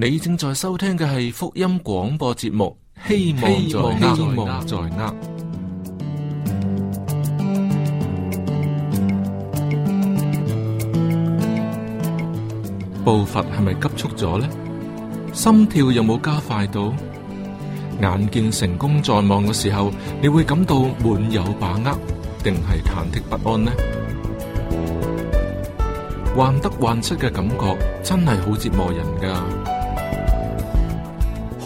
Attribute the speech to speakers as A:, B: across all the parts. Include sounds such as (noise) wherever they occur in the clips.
A: 你正在收聽嘅係福音廣播節目，希望在希望在握。步伐係咪急促咗呢？心跳有冇加快到？眼見成功在望嘅時候，你會感到滿有把握，定係忐忑不安呢？患得患失嘅感覺真係好折磨人噶。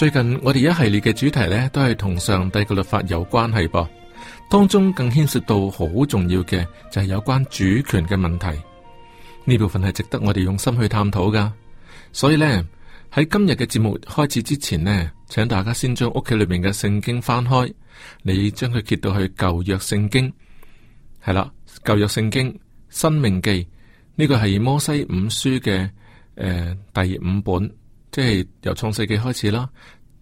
A: 最近我哋一系列嘅主題咧，都係同上帝嘅律法有關係噃，當中更牽涉到好重要嘅，就係有關主權嘅問題。呢部分係值得我哋用心去探討噶。所以咧，喺今日嘅節目開始之前咧，請大家先將屋企裏面嘅聖經翻開，你將佢揭到去舊約聖經，係啦，舊約聖經《申命記》呢、這個係摩西五書嘅誒、呃、第五本。即係由創世紀開始啦，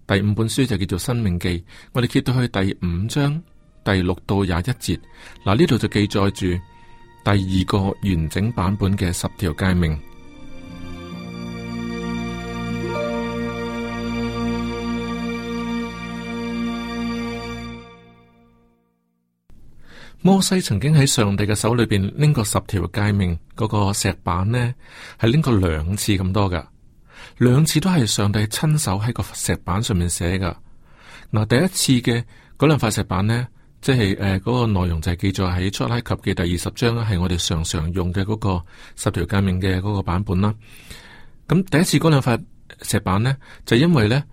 A: 第五本書就叫做《申命記》，我哋揭到去第五章第六到廿一節，嗱，呢度就記載住第二個完整版本嘅十條誡命。 (music) 摩西曾經喺上帝嘅手裏邊拎過十條誡命，嗰個石板呢係拎過兩次咁多噶。兩次都係上帝親手喺個石板上面寫㗎。嗱、啊，第一次嘅嗰兩塊石板呢，即係誒嗰個內容就係記載喺《出埃及記》第二十章啦，係我哋常常用嘅嗰個十條誡命嘅嗰個版本啦。咁、啊、第一次嗰兩塊石板呢，就因為呢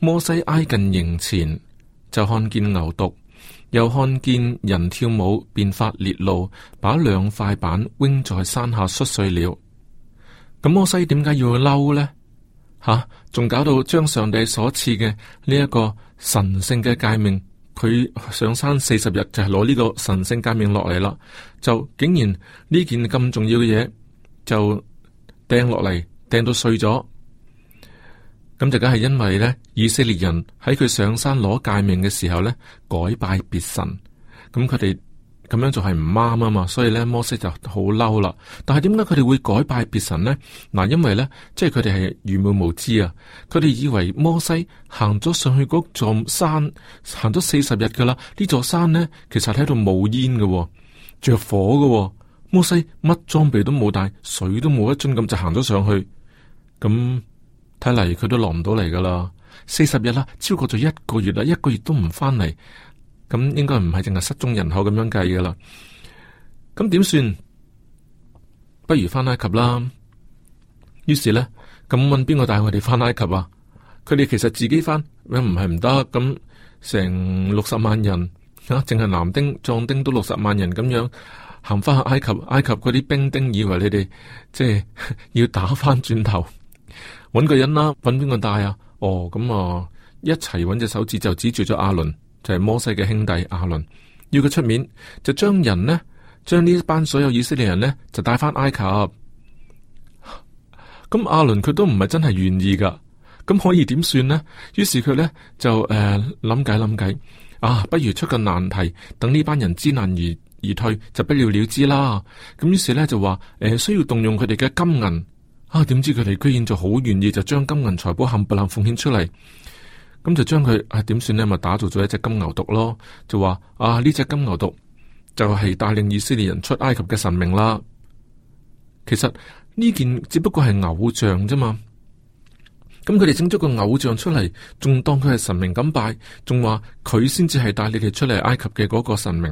A: 摩西挨近營前就看見牛犢，又看見人跳舞，便發烈怒，把兩塊板扔在山下摔碎了。咁、啊、摩西點解要去嬲呢？吓，仲、啊、搞到將上帝所賜嘅呢一個神聖嘅誡命，佢上山四十日就係攞呢個神聖誡命落嚟啦，就竟然呢件咁重要嘅嘢，就掟落嚟，掟到碎咗。咁就梗係因為呢以色列人喺佢上山攞誡命嘅時候呢，改拜別神，咁佢哋。咁樣就係唔啱啊嘛，所以咧摩西就好嬲啦。但係點解佢哋會改拜別神呢？嗱，因為咧，即係佢哋係愚昧無知啊。佢哋以為摩西行咗上去嗰座山，行咗四十日噶啦。呢座山咧，其實喺度冒煙嘅喎，着火嘅喎。摩西乜裝備都冇帶，水都冇一樽咁就行咗上去。咁睇嚟佢都落唔到嚟噶啦。四十日啦，超過咗一個月啦，一個月都唔翻嚟。咁應該唔係淨係失蹤人口咁樣計嘅啦。咁點算？不如翻埃及啦。於是呢，咁揾邊個帶佢哋翻埃及啊？佢哋其實自己翻，咩唔係唔得？咁成六十萬人嚇，淨係男丁、壯丁都六十萬人咁樣行翻去埃及。埃及嗰啲兵丁以為你哋即係要打翻轉頭，揾個人啦、啊，揾邊個帶啊？哦，咁啊，一齊揾隻手指就指住咗阿倫。就係摩西嘅兄弟阿倫，要佢出面就將人呢，將呢班所有以色列人呢，就帶翻埃及。咁、啊、阿倫佢都唔係真係願意噶，咁可以點算呢？於是佢咧就誒諗計諗計，啊，不如出個難題，等呢班人知難而而退，就不了了之啦。咁、啊、於是咧就話誒、呃、需要動用佢哋嘅金銀，啊，點知佢哋居然就好願意就將金銀財寶冚唪唥奉獻出嚟。咁就將佢係點算呢？咪打造咗一隻金牛犢咯？就話啊呢隻金牛犢就係帶領以色列人出埃及嘅神明啦。其實呢件只不過係偶像啫嘛。咁佢哋整咗個偶像出嚟，仲當佢係神明咁拜，仲話佢先至係帶你哋出嚟埃及嘅嗰個神明。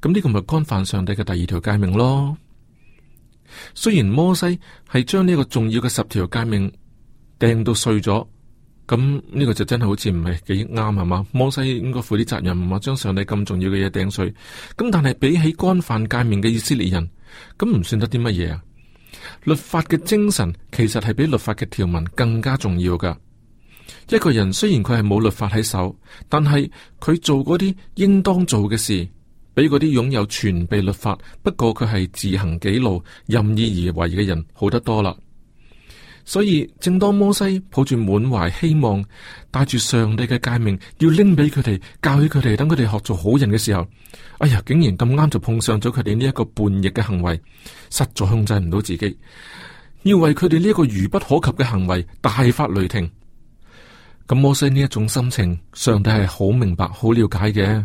A: 咁呢個咪干犯上帝嘅第二條誡命咯？雖然摩西係將呢一個重要嘅十條誡命掟到碎咗。咁呢、這個就真係好似唔係幾啱係嘛？摩西應該負啲責任，唔好將上帝咁重要嘅嘢掟碎。咁但係比起干犯界面嘅以色列人，咁唔算得啲乜嘢啊？律法嘅精神其實係比律法嘅條文更加重要噶。一個人雖然佢係冇律法喺手，但係佢做嗰啲應當做嘅事，比嗰啲擁有全備律法，不過佢係自行己路任意而為嘅人好得多啦。所以，正當摩西抱住滿懷希望，帶住上帝嘅誡命，要拎俾佢哋，教佢哋，等佢哋學做好人嘅時候，哎呀，竟然咁啱就碰上咗佢哋呢一個叛逆嘅行為，實在控制唔到自己，要為佢哋呢一個愚不可及嘅行為大發雷霆。咁摩西呢一種心情，上帝係好明白、好了解嘅，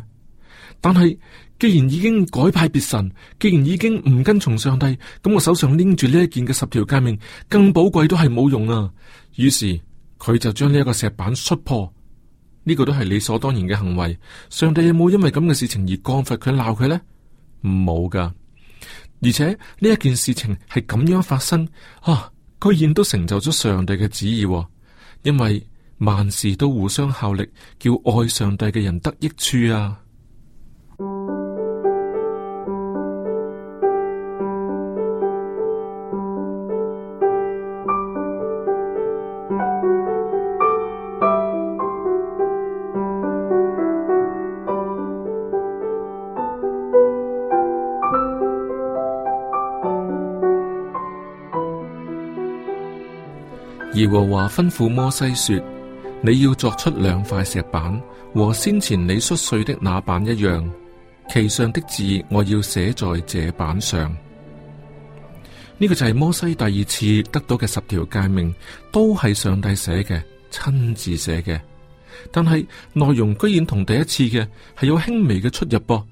A: 但係。既然已經改派別神，既然已經唔跟從上帝，咁我手上拎住呢一件嘅十條誡命，更寶貴都係冇用啊。於是佢就將呢一個石板摔破，呢、這個都係理所當然嘅行為。上帝有冇因為咁嘅事情而降罰佢鬧佢呢？冇噶。而且呢一件事情係咁樣發生，啊，居然都成就咗上帝嘅旨意，哦，因為萬事都互相效力，叫愛上帝嘅人得益處啊。而耶和華吩咐摩西說：你要作出兩塊石板，和先前你摔碎的那板一樣，其上的字我要寫在這板上。呢、這個就係摩西第二次得到嘅十條誡命，都係上帝寫嘅，親自寫嘅。但係內容居然同第一次嘅係有輕微嘅出入噃。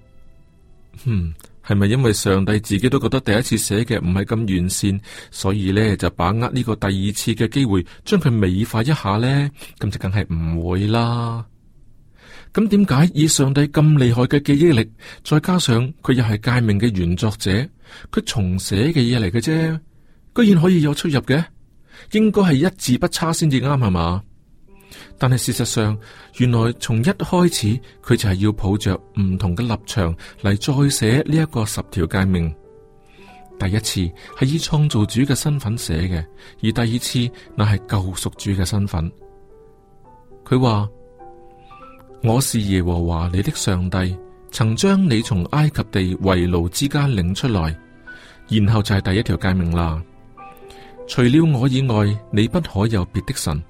A: 嗯。係咪因為上帝自己都覺得第一次寫嘅唔係咁完善，所以呢就把握呢個第二次嘅機會，將佢美化一下呢？咁就梗係唔會啦。咁點解以上帝咁厲害嘅記憶力，再加上佢又係誡命嘅原作者，佢重寫嘅嘢，嚟嘅啫，居然可以有出入嘅，應該係一字不差先至啱係嘛？但係事實上，原來從一開始佢就係要抱着唔同嘅立場嚟再寫呢一個十條誡命。第一次係以創造主嘅身份寫嘅，而第二次乃係救贖主嘅身份。佢話：我是耶和華你的上帝，曾將你從埃及地為奴之家領出來，然後就係第一條誡命啦。除了我以外，你不可有別的神。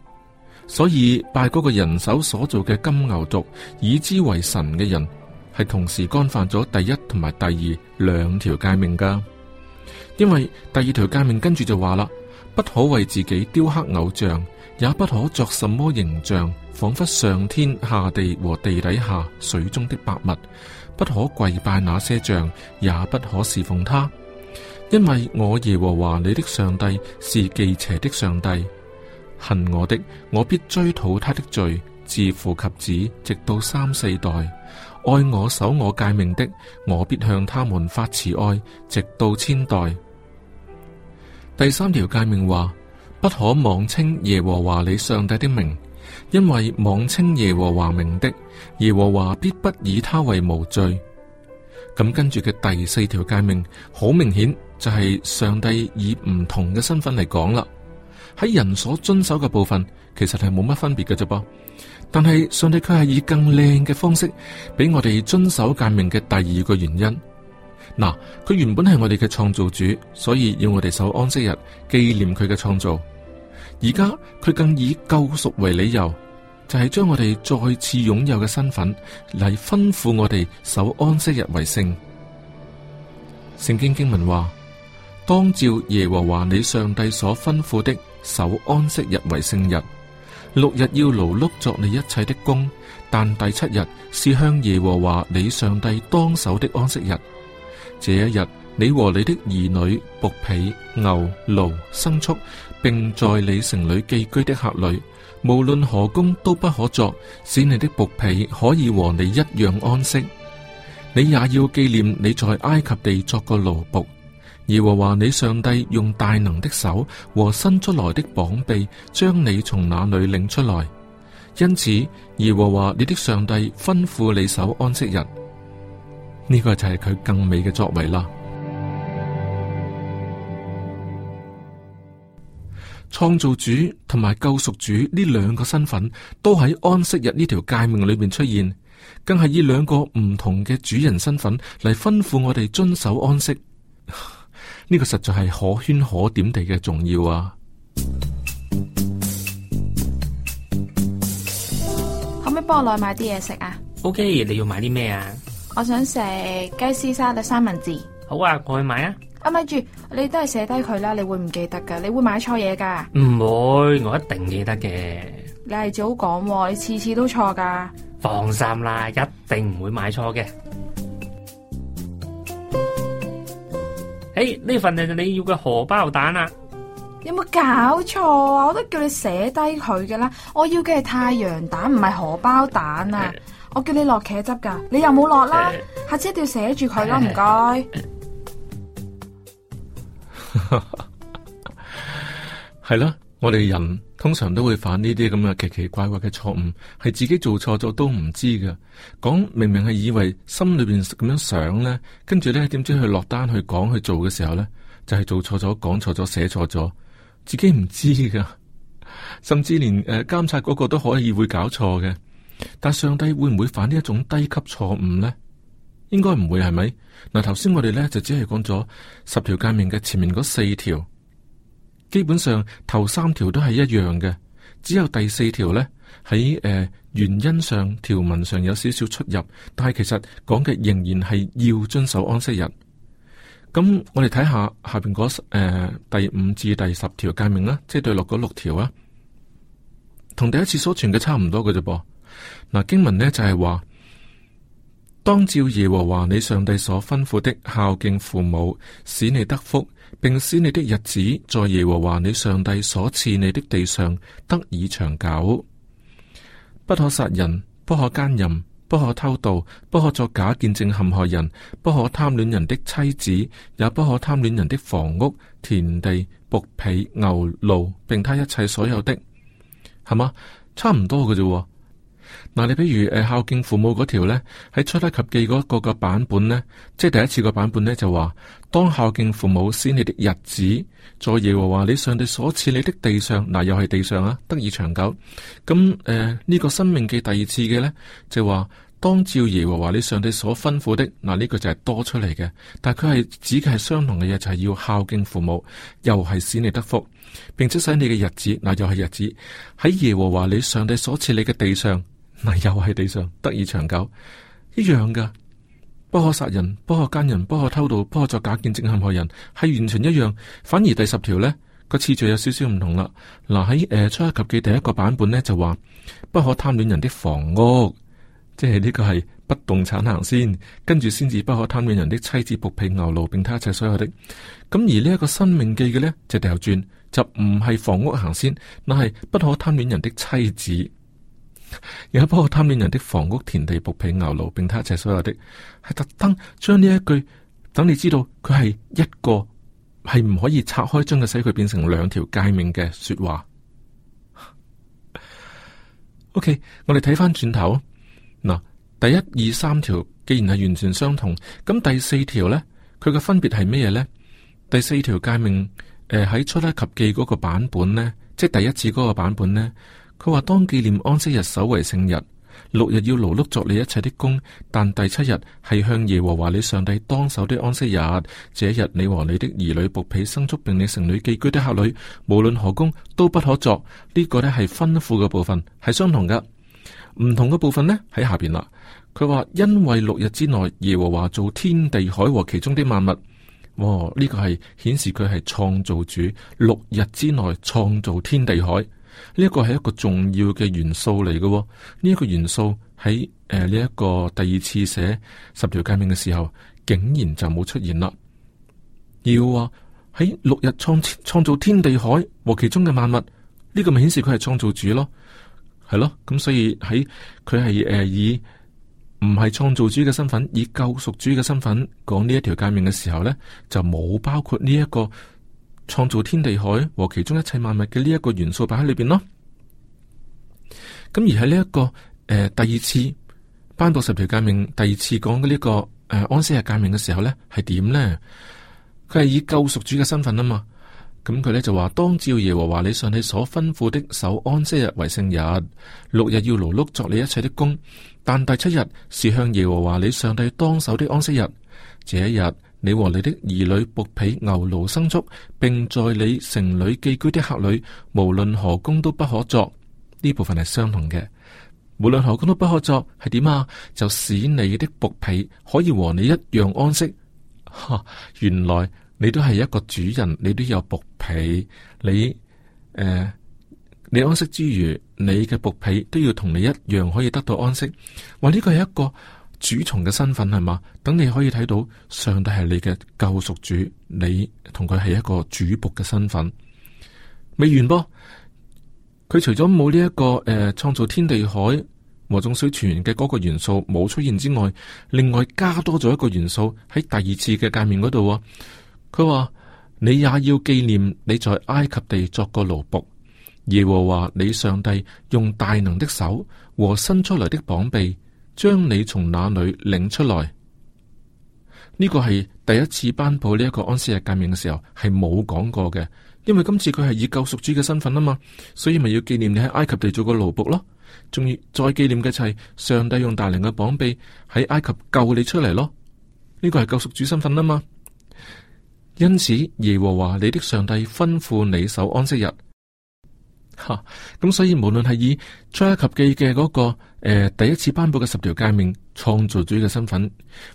A: 所以拜嗰個人手所做嘅金牛犢，以之為神嘅人，係同時干犯咗第一同埋第二兩條誡命噶。因為第二條誡命跟住就話啦：不可為自己雕刻偶像，也不可作什麼形象，仿佛上天下地和地底下水中的百物，不可跪拜那些像，也不可侍奉他，因為我耶和華你的上帝是忌邪的上帝。恨我的，我必追討他的罪，自父及子，直到三四代；愛我、守我誡命的，我必向他們發慈愛，直到千代。第三條誡命話：不可妄稱耶和華你上帝的名，因為妄稱耶和華名的，耶和華必不以他為無罪。咁跟住嘅第四條誡命，好明顯就係上帝以唔同嘅身份嚟講啦。喺人所遵守嘅部分，其實係冇乜分別嘅啫噃。但係上帝佢係以更靚嘅方式俾我哋遵守誡命嘅第二個原因。嗱，佢原本係我哋嘅創造主，所以要我哋守安息日紀念佢嘅創造。而家佢更以救贖為理由，就係、是、將我哋再次擁有嘅身份嚟吩咐我哋守安息日為聖。聖經經文話：當照耶和華你上帝所吩咐的。守安息日為聖日，六日要勞碌作你一切的工。但第七日是向耶和華你上帝當守的安息日。這一日，你和你的兒女、僕婢、牛、驢、牲畜，並在你城裏寄居的客旅，無論何工都不可作，使你的僕婢可以和你一樣安息。你也要紀念你在埃及地作過奴僕。耶和華你上帝用大能的手和伸出來的膀臂，將你從那裏領出來。因此，耶和華你的上帝吩咐你守安息日。呢、這個就係佢更美嘅作為啦。創 (noise) 造主同埋救贖主呢兩個身份，都喺安息日呢條誡命裏面出現，更係以兩個唔同嘅主人身份嚟吩咐我哋遵守安息。呢個實在係可圈可點地嘅重要啊！可唔可以幫我落去買啲嘢食啊？OK，你要買啲咩啊？我想食雞絲沙律三文治。好啊，我去買啊。啊，咪住，你都係寫低佢啦，你會唔記得噶？你會買錯嘢噶？唔會，我一定記得嘅、啊。你係早講，你次次都錯噶。放心啦，一定唔會買錯嘅。誒，呢、哎、份係你要嘅荷包蛋啊？有冇搞錯啊？我都叫你寫低佢噶啦，我要嘅係太陽蛋，唔係荷包蛋啊！嗯、我叫你落茄汁噶，你又冇落啦，嗯、下次一定要寫住佢咯，唔該。係咯，我哋人，通常都會犯呢啲咁嘅奇奇怪怪嘅錯誤，係自己做錯咗都唔知嘅。講明明係以為心裏邊咁樣想咧，跟住咧點知去落單去講去做嘅時候咧，就係、是、做錯咗，講錯咗，寫錯咗，自己唔知噶。甚至連誒監察個個都可以會搞錯嘅。但上帝會唔會犯呢一種低級錯誤咧？應該唔會係咪？嗱，頭先我哋咧就只係講咗十條誡命嘅前面嗰四條。基本上頭三條都係一樣嘅，只有第四條呢，喺誒原因上條文上有少少出入，但係其實講嘅仍然係要遵守安息日。咁我哋睇下下邊嗰誒第五至第十條誡命啦，即係對落嗰六條啊，同第一次所傳嘅差唔多嘅啫噃。嗱，經文呢就係話，當照耶和華你上帝所吩咐的孝敬父母，使你得福。並使你的日子在耶和華你上帝所賜你的地上得以長久。不可殺人，不可奸淫，不可偷盜，不可作假見證陷害人，不可貪戀人的妻子，也不可貪戀人的房屋、田地、僕婢、牛驢，並他一切所有的。係嘛？差唔多嘅啫。嗱，你比如誒、呃、孝敬父母嗰條呢，喺出埃及記嗰、那個、那個版本呢，即係第一次個版本呢，就話，當孝敬父母，使你的日子在耶和華你上帝所賜你的地上，嗱又係地上啊得以長久。咁誒呢個申命記第二次嘅呢，就話，當照耶和華你上帝所吩咐的，嗱呢個就係多出嚟嘅，但係佢係指嘅係相同嘅嘢，就係、是、要孝敬父母，又係使你得福，並且使你嘅日子，嗱又係日子喺耶和華你上帝所賜你嘅地上。嗱，又係地上，得以長久，一樣噶。不可殺人，不可奸人，不可偷盜，不可作假見證陷害人，係完全一樣。反而第十條呢個次序有少少唔同啦。嗱喺誒出埃及記第一個版本呢，就話，不可貪戀人的房屋，即係呢個係不動產行先，跟住先至不可貪戀人的妻子、僕婢、牛驢，並他一切所有的。咁、啊、而呢一個申命記嘅呢就掉轉，就唔係房屋行先，乃係不可貪戀人的妻子。 (laughs) 有幫助貪戀人的房屋田地僕婢牛驢，並他一切所有的，係特登將呢一句等你知道佢係一個係唔可以拆開將佢使佢變成兩條誡命嘅說話。 (laughs) o、okay, K，我哋睇返轉頭嗱，第一二三條既然係完全相同，咁第四條呢，佢嘅分別係咩嘢呢？第四條誡命，誒、呃、喺出埃及記嗰個版本呢，即係第一次嗰個版本呢。佢話當紀念安息日守為聖日，六日要勞碌作你一切的工。但第七日係向耶和華你上帝當守的安息日。這日你和你的兒女、僕婢、牲畜，並你城裡寄居的客旅，無論何工，都不可作。這個、呢個咧係吩咐嘅部分，係相同噶。唔同嘅部分呢喺下邊啦。佢話因為六日之內，耶和華造天地海和其中的萬物。哦，呢、這個係顯示佢係創造主。六日之內創造天地海。呢一個係一個重要嘅元素嚟嘅。哦，呢、這、一個元素喺，誒呢一個第二次寫十條誡命嘅時候，竟然就冇出現啦。要話喺六日創創造天地海和其中嘅萬物，呢、這個咪顯示佢係創造主咯，係咯？咁、嗯、所以喺佢係誒以唔係創造主嘅身份，以救贖主嘅身份講呢一條誡命嘅時候咧，就冇包括呢一個。創造天地海和其中一切萬物嘅呢一個元素擺喺裏邊咯。咁、嗯、而喺呢一個誒第二次頒布十條誡命，第二次講嘅呢個誒、呃、安息日誡命嘅時候呢，係點呢？佢係以救贖主嘅身份啊嘛。咁、嗯、佢呢就話：當照耶和華你上帝所吩咐的，守安息日為聖日，六日要勞碌作你一切的工，但第七日是向耶和華你上帝當守的安息日。這一日。你和你的兒女僕婢牛驢牲畜，並在你城裏寄居的客旅，無論何工都不可作。呢部分係相同嘅，無論何工都不可作係點啊？就使你的僕婢可以和你一樣安息。哈，原來你都係一個主人，你都有僕婢。你誒、呃，你安息之餘，你嘅僕婢都要同你一樣可以得到安息。話，呢個係一個。主從嘅身份係嘛？等你可以睇到上帝係你嘅救贖主，你同佢係一個主僕嘅身份。未完噃？佢除咗冇呢一個誒呃、創造天地海和眾水泉嘅嗰個元素冇出現之外，另外加多咗一個元素喺第二次嘅界面嗰度。佢話你也要紀念你在埃及地作個奴僕。耶和華你上帝用大能的手和伸出來嘅膀臂。將你從哪裏領出來？呢、這個係第一次頒布呢一個安息日戒命嘅時候係冇講過嘅，因為今次佢係以救贖主嘅身份啊嘛，所以咪要紀念你喺埃及地做過奴僕咯，仲要再紀念嘅係上帝用大能嘅膀臂喺埃及救你出嚟咯，呢、這個係救贖主身份啊嘛，因此耶和華你的上帝吩咐你守安息日。吓，咁所以無論係以出埃及記嘅嗰、那個。誒、呃，第一次頒布嘅十條界面，創造主嘅身份，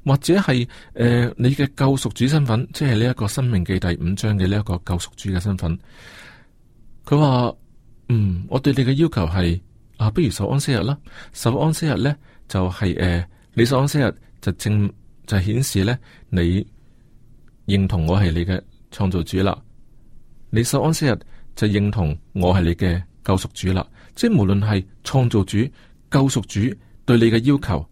A: 或者係誒、呃、你嘅救贖主身份，即係呢一個申命記第五章嘅呢一個救贖主嘅身份。佢話嗯，我對你嘅要求係啊，不如守安息日啦。守安息日咧就係、是、誒、呃，你守安息日就正就顯示咧，你認同我係你嘅創造主啦。你守安息日就認同我係你嘅救贖主啦。即係無論係創造主。救贖主對你嘅要求，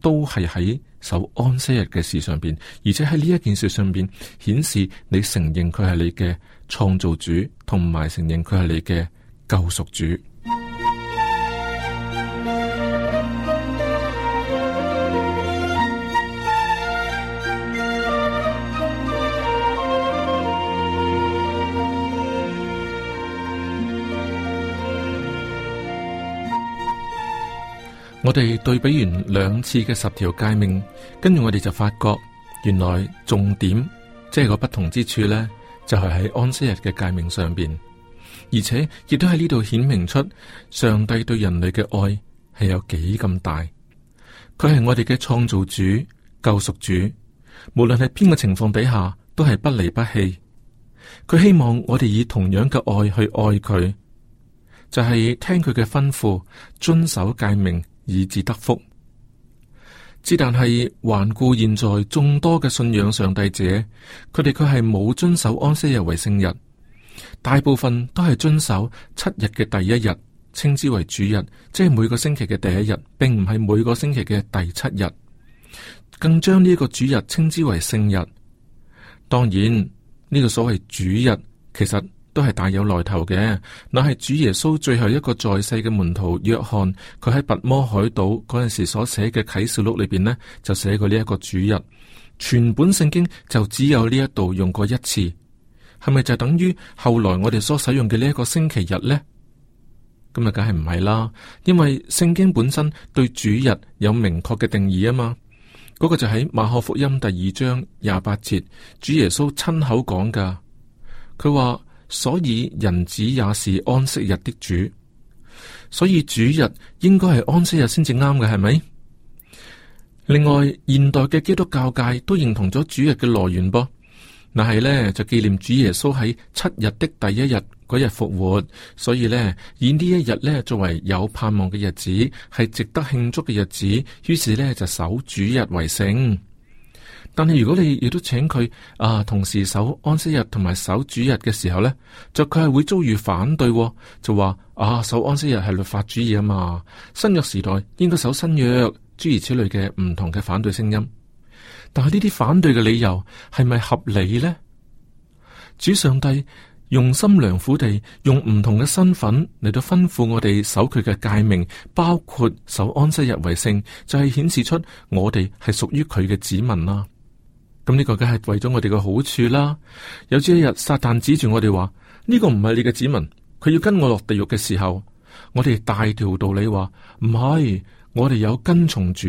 A: 都係喺守安息日嘅事上邊，而且喺呢一件事上邊顯示你承認佢係你嘅創造主，同埋承認佢係你嘅救贖主。我哋對比完兩次嘅十條誡命，跟住我哋就發覺，原來重點即係個不同之處呢，就係喺安息日嘅誡命上邊，而且亦都喺呢度顯明出上帝對人類嘅愛係有幾咁大。佢係我哋嘅創造主、救贖主，無論係邊個情況底下都係不離不棄。佢希望我哋以同樣嘅愛去愛佢，就係聽佢嘅吩咐，遵守誡命。以至得福。之但係，環顧現在眾多嘅信仰上帝者，佢哋佢係冇遵守安息日為聖日，大部分都係遵守七日嘅第一日，稱之為主日，即係每個星期嘅第一日，並唔係每個星期嘅第七日，更將呢個主日稱之為聖日。當然，呢、這個所謂主日，其實。都係大有來頭嘅。那係主耶穌最後一個在世嘅門徒約翰，佢喺拔摩海島嗰陣時所寫嘅啟示錄裏邊呢，就寫過呢一個主日。全本聖經就只有呢一度用過一次，係咪就等於後來我哋所使用嘅呢一個星期日呢？咁啊，梗係唔係啦，因為聖經本身對主日有明確嘅定義啊嘛。嗰個就喺馬可福音第二章廿八節，主耶穌親口講噶，佢話。所以人子也是安息日的主，所以主日應該係安息日先至啱嘅，係咪？另外，現代嘅基督教界都認同咗主日嘅來源噃，但係呢就紀念主耶穌喺七日的第一日嗰日復活，所以呢以呢一日呢作為有盼望嘅日子，係值得慶祝嘅日子，於是呢就守主日為聖。但係如果你亦都請佢啊，同時守安息日同埋守主日嘅時候呢，就佢係會遭遇反對，哦，就話啊守安息日係律法主義啊嘛，新約時代應該守新約，諸如此類嘅唔同嘅反對聲音。但係呢啲反對嘅理由係咪合理呢？主上帝用心良苦地用唔同嘅身份嚟到吩咐我哋守佢嘅誡命，包括守安息日為聖，就係、是、顯示出我哋係屬於佢嘅子民啦。咁呢個梗係為咗我哋嘅好處啦。有朝一日，撒旦指住我哋話：呢個唔係你嘅子民，佢要跟我落地獄嘅時候，我哋大條道理話：唔係，我哋有跟從主，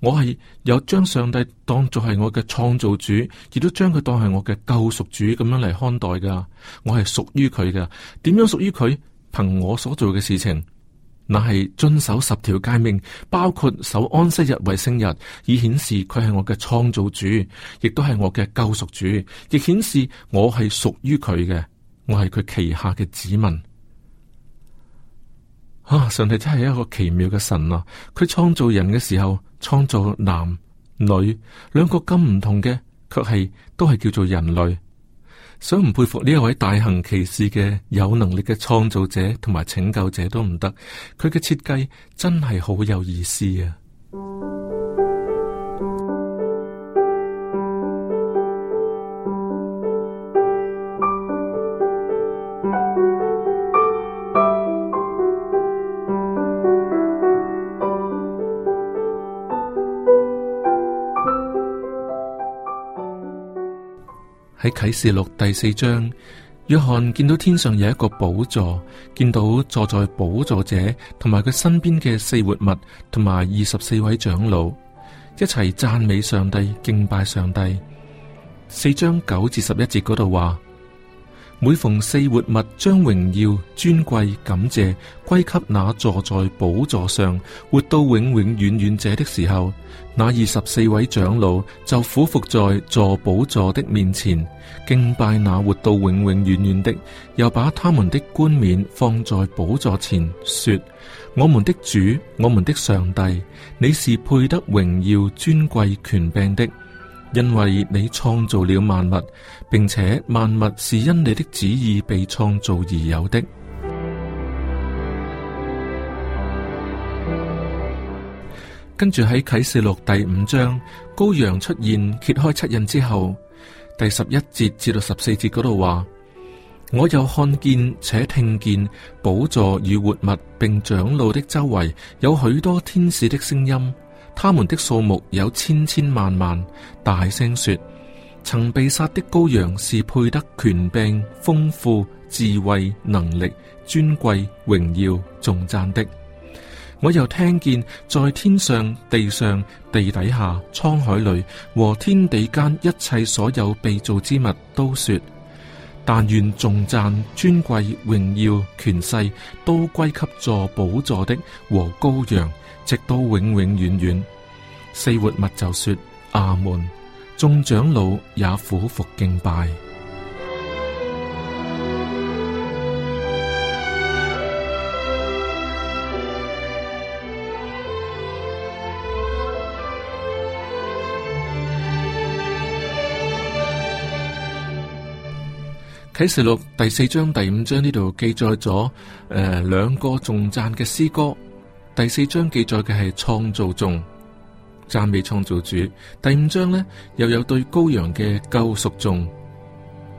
A: 我係有將上帝當做係我嘅創造主，亦都將佢當係我嘅救贖主咁樣嚟看待噶。我係屬於佢噶。點樣屬於佢？憑我所做嘅事情。那係遵守十條誡命，包括守安息日為聖日，以顯示佢係我嘅創造主，亦都係我嘅救贖主，亦顯示我係屬於佢嘅，我係佢旗下嘅子民啊！上帝真係一個奇妙嘅神啊！佢創造人嘅時候，創造男女兩個咁唔同嘅，卻係都係叫做人類。想唔佩服呢一位大行其事嘅有能力嘅創造者同埋拯救者都唔得，佢嘅設計真係好有意思啊！喺啟示錄第四章，約翰見到天上有一個寶座，見到坐在寶座者同埋佢身邊嘅四活物同埋二十四位長老，一齊讚美上帝、敬拜上帝。四章九至十一節嗰度話。每逢四活物將榮耀尊貴感謝歸給那坐在寶座上活到永永遠遠者的時候，那二十四位長老就俯伏在坐寶座的面前敬拜那活到永永遠遠的，又把他們的冠冕放在寶座前，說：我們的主，我們的上帝，你是配得榮耀尊貴權柄的。因為你創造了萬物，並且萬物是因你的旨意被創造而有的。跟住喺啟示錄第五章羔羊出現揭開七印之後，第十一節至到十四節嗰度話：我有看見且聽見，寶座與活物並長老的周圍有許多天使的聲音。他們的數目有千千萬萬，大聲說：曾被殺的羔羊是配得權柄、豐富、智慧、能力、尊貴、榮耀、頌讚的。我又聽見，在天上、地上、地底下、滄海裏和天地間一切所有被造之物，都說：但願頌讚、尊貴、榮耀、權勢都歸給坐寶座的和羔羊。直到永永遠遠，四活物就說，阿門，眾長老也俯伏敬拜。啟示錄第四章第五章呢度記載咗誒，兩個頌讚嘅詩歌。第四章記載嘅係創造頌讚美創造主，第五章呢，又有對羔羊嘅救贖頌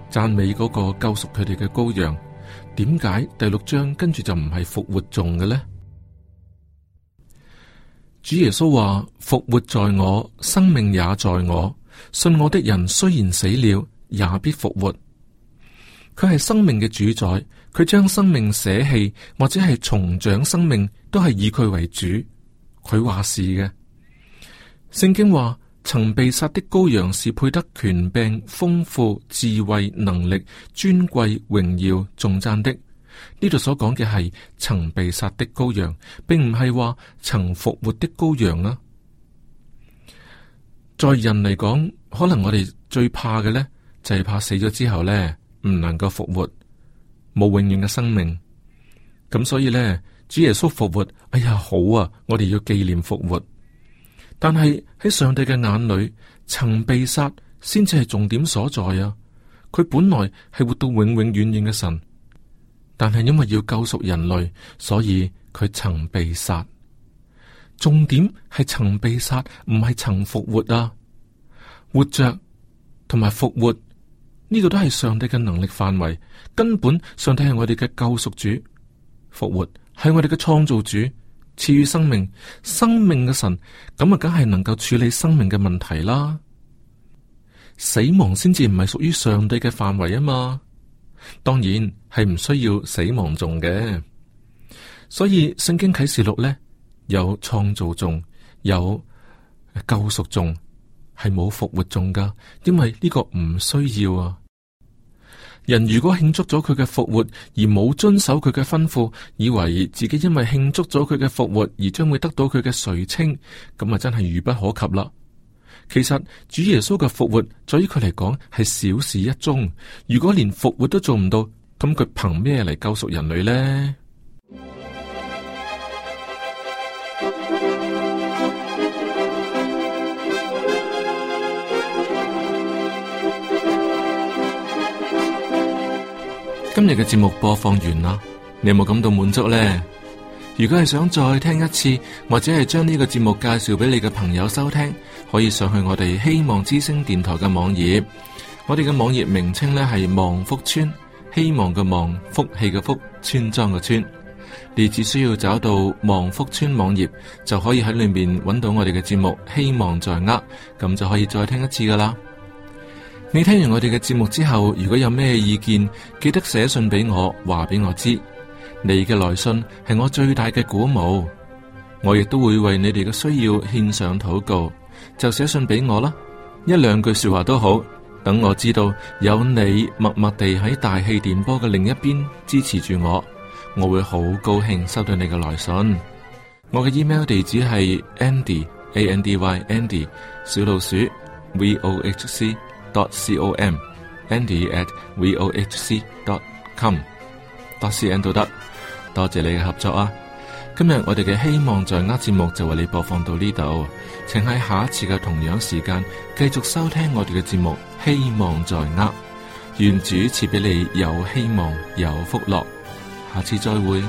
A: 讚美嗰個救贖佢哋嘅羔羊。點解第六章跟住就唔係復活頌嘅呢？主耶穌話：復活在我，生命也在我。信我的人雖然死了，也必復活。佢係生命嘅主宰，佢將生命捨棄，或者係重掌生命。都係以佢為主，佢話事嘅。聖經話，曾被殺的羔羊是配得權柄、豐富、智慧、能力、尊貴、榮耀、頌讚的。呢度所講嘅係曾被殺的羔羊，並唔係話曾復活的羔羊啊。在人嚟講，可能我哋最怕嘅呢，就係、是、怕死咗之後呢，唔能夠復活，冇永遠嘅生命。咁所以呢。主耶穌復活，哎呀好啊，我哋要紀念復活。但係喺上帝嘅眼裏，曾被殺先至係重點所在啊！佢本來係活到永永遠遠嘅神，但係因為要救贖人類，所以佢曾被殺。重點係曾被殺，唔係曾復活啊！活着同埋復活呢個都係上帝嘅能力範圍，根本上帝係我哋嘅救贖主復活係我哋嘅創造主賜予生命，生命嘅神咁啊，梗係能夠處理生命嘅問題啦。死亡先至唔係屬於上帝嘅範圍啊嘛，當然係唔需要死亡種嘅。所以聖經啟示錄呢，有創造種，有救贖種，係冇復活種㗎，因為呢個唔需要啊。人如果慶祝咗佢嘅復活而冇遵守佢嘅吩咐，以為自己因為慶祝咗佢嘅復活而將會得到佢嘅垂青，咁啊真係遙不可及啦。其實主耶穌嘅復活，在於佢嚟講係小事一宗。如果連復活都做唔到，咁佢憑咩嚟救贖人類呢？今日嘅節目播放完啦，你有冇感到滿足呢？如果係想再聽一次，或者係將呢個節目介紹俾你嘅朋友收聽，可以上去我哋希望之聲電台嘅網頁。我哋嘅網頁名稱呢係望福村，希望嘅望，福氣嘅福，村莊嘅村。你只需要找到望福村網頁，就可以喺裏面揾到我哋嘅節目《希望在握》，咁就可以再聽一次噶啦。你聽完我哋嘅節目之後，如果有咩意見，記得寫信俾我，話俾我知。你嘅來信係我最大嘅鼓舞，我亦都會為你哋嘅需要獻上禱告。就寫信俾我啦，一兩句說話都好。等我知道有你默默地喺大氣電波嘅另一邊支持住我，我會好高興收到你嘅來信。我嘅 email 地址係 andy a n d y andy 小老鼠 v o h c。dot.com，andy@vohc.com，dot.c.n 都得，多謝你嘅合作啊！今日我哋嘅希望在握節目就為你播放到呢度，請喺下一次嘅同樣時間繼續收聽我哋嘅節目，希望在握，願主賜俾你有希望有福樂，下次再會。